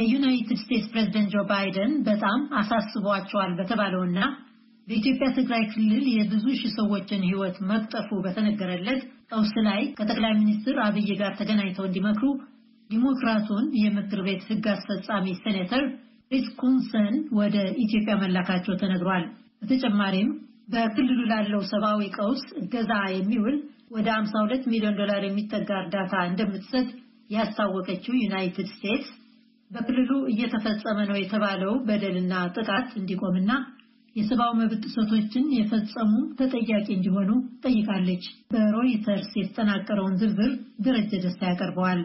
የዩናይትድ ስቴትስ ፕሬዝደንት ጆ ባይደን በጣም አሳስቧቸዋል በተባለውና በኢትዮጵያ ትግራይ ክልል የብዙ ሺህ ሰዎችን ሕይወት መቅጠፉ በተነገረለት ቀውስ ላይ ከጠቅላይ ሚኒስትር አብይ ጋር ተገናኝተው እንዲመክሩ ዲሞክራቱን የምክር ቤት ሕግ አስፈጻሚ ሴኔተር ሪስ ኩንሰን ወደ ኢትዮጵያ መላካቸው ተነግሯል። በተጨማሪም በክልሉ ላለው ሰብአዊ ቀውስ እገዛ የሚውል ወደ 52 ሚሊዮን ዶላር የሚጠጋ እርዳታ እንደምትሰጥ ያስታወቀችው ዩናይትድ ስቴትስ በክልሉ እየተፈጸመ ነው የተባለው በደልና ጥቃት እንዲቆምና የሰብአዊ መብት ጥሰቶችን የፈጸሙ ተጠያቂ እንዲሆኑ ጠይቃለች። በሮይተርስ የተጠናቀረውን ዝርዝር ደረጀ ደስታ ያቀርበዋል።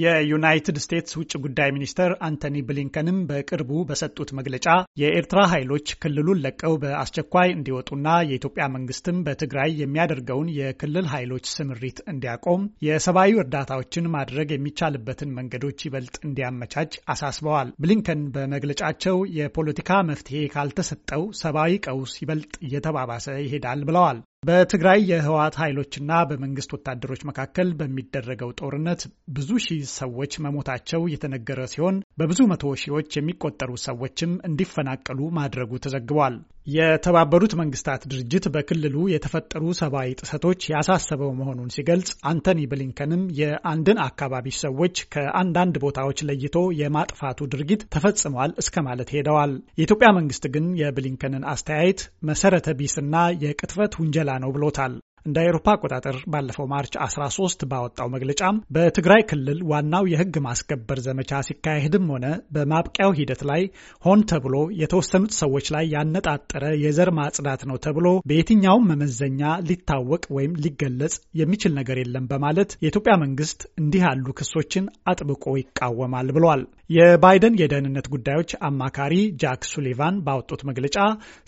የዩናይትድ ስቴትስ ውጭ ጉዳይ ሚኒስትር አንቶኒ ብሊንከንም በቅርቡ በሰጡት መግለጫ የኤርትራ ኃይሎች ክልሉን ለቀው በአስቸኳይ እንዲወጡና የኢትዮጵያ መንግስትም በትግራይ የሚያደርገውን የክልል ኃይሎች ስምሪት እንዲያቆም፣ የሰብአዊ እርዳታዎችን ማድረግ የሚቻልበትን መንገዶች ይበልጥ እንዲያመቻች አሳስበዋል። ብሊንከን በመግለጫቸው የፖለቲካ መፍትሄ ካልተሰጠው ሰብአዊ ቀውስ ይበልጥ እየተባባሰ ይሄዳል ብለዋል። በትግራይ የህወሓት ኃይሎችና በመንግስት ወታደሮች መካከል በሚደረገው ጦርነት ብዙ ሺህ ሰዎች መሞታቸው የተነገረ ሲሆን በብዙ መቶ ሺዎች የሚቆጠሩ ሰዎችም እንዲፈናቀሉ ማድረጉ ተዘግቧል። የተባበሩት መንግስታት ድርጅት በክልሉ የተፈጠሩ ሰብአዊ ጥሰቶች ያሳሰበው መሆኑን ሲገልጽ አንቶኒ ብሊንከንም የአንድን አካባቢ ሰዎች ከአንዳንድ ቦታዎች ለይቶ የማጥፋቱ ድርጊት ተፈጽሟል እስከ ማለት ሄደዋል። የኢትዮጵያ መንግስት ግን የብሊንከንን አስተያየት መሰረተ ቢስና የቅጥፈት ውንጀላ ነው ብሎታል። እንደ አውሮፓ አቆጣጠር ባለፈው ማርች 13 ባወጣው መግለጫም በትግራይ ክልል ዋናው የህግ ማስከበር ዘመቻ ሲካሄድም ሆነ በማብቂያው ሂደት ላይ ሆን ተብሎ የተወሰኑት ሰዎች ላይ ያነጣጠረ የዘር ማጽዳት ነው ተብሎ በየትኛውም መመዘኛ ሊታወቅ ወይም ሊገለጽ የሚችል ነገር የለም በማለት የኢትዮጵያ መንግስት እንዲህ ያሉ ክሶችን አጥብቆ ይቃወማል ብሏል። የባይደን የደህንነት ጉዳዮች አማካሪ ጃክ ሱሊቫን ባወጡት መግለጫ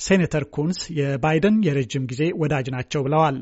ሴኔተር ኩንስ የባይደን የረጅም ጊዜ ወዳጅ ናቸው ብለዋል።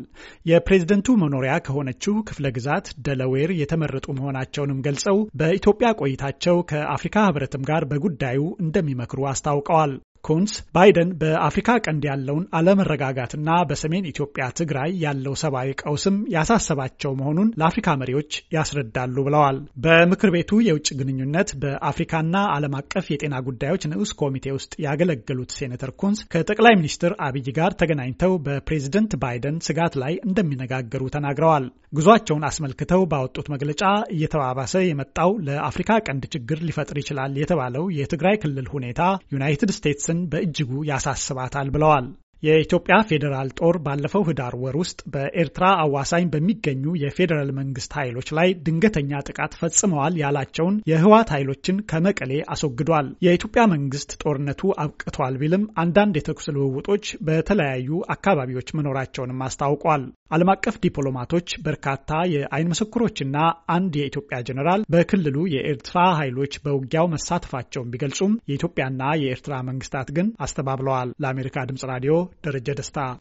የፕሬዝደንቱ መኖሪያ ከሆነችው ክፍለ ግዛት ደለዌር የተመረጡ መሆናቸውንም ገልጸው በኢትዮጵያ ቆይታቸው ከአፍሪካ ህብረትም ጋር በጉዳዩ እንደሚመክሩ አስታውቀዋል። ኩንስ ባይደን በአፍሪካ ቀንድ ያለውን አለመረጋጋትና በሰሜን ኢትዮጵያ ትግራይ ያለው ሰብአዊ ቀውስም ያሳሰባቸው መሆኑን ለአፍሪካ መሪዎች ያስረዳሉ ብለዋል። በምክር ቤቱ የውጭ ግንኙነት በአፍሪካና ዓለም አቀፍ የጤና ጉዳዮች ንዑስ ኮሚቴ ውስጥ ያገለገሉት ሴኔተር ኩንስ ከጠቅላይ ሚኒስትር አብይ ጋር ተገናኝተው በፕሬዝደንት ባይደን ስጋት ላይ እንደሚነጋገሩ ተናግረዋል። ጉዟቸውን አስመልክተው ባወጡት መግለጫ እየተባባሰ የመጣው ለአፍሪካ ቀንድ ችግር ሊፈጥር ይችላል የተባለው የትግራይ ክልል ሁኔታ ዩናይትድ ስቴትስ መጥፋትን በእጅጉ ያሳስባታል ብለዋል። የኢትዮጵያ ፌዴራል ጦር ባለፈው ህዳር ወር ውስጥ በኤርትራ አዋሳኝ በሚገኙ የፌዴራል መንግስት ኃይሎች ላይ ድንገተኛ ጥቃት ፈጽመዋል ያላቸውን የህወሓት ኃይሎችን ከመቀሌ አስወግዷል። የኢትዮጵያ መንግስት ጦርነቱ አብቅቷል ቢልም አንዳንድ የተኩስ ልውውጦች በተለያዩ አካባቢዎች መኖራቸውንም አስታውቋል። ዓለም አቀፍ ዲፕሎማቶች፣ በርካታ የአይን ምስክሮችና አንድ የኢትዮጵያ ጀኔራል በክልሉ የኤርትራ ኃይሎች በውጊያው መሳተፋቸውን ቢገልጹም የኢትዮጵያና የኤርትራ መንግስታት ግን አስተባብለዋል። ለአሜሪካ ድምጽ ራዲዮ ደረጀ ደስታ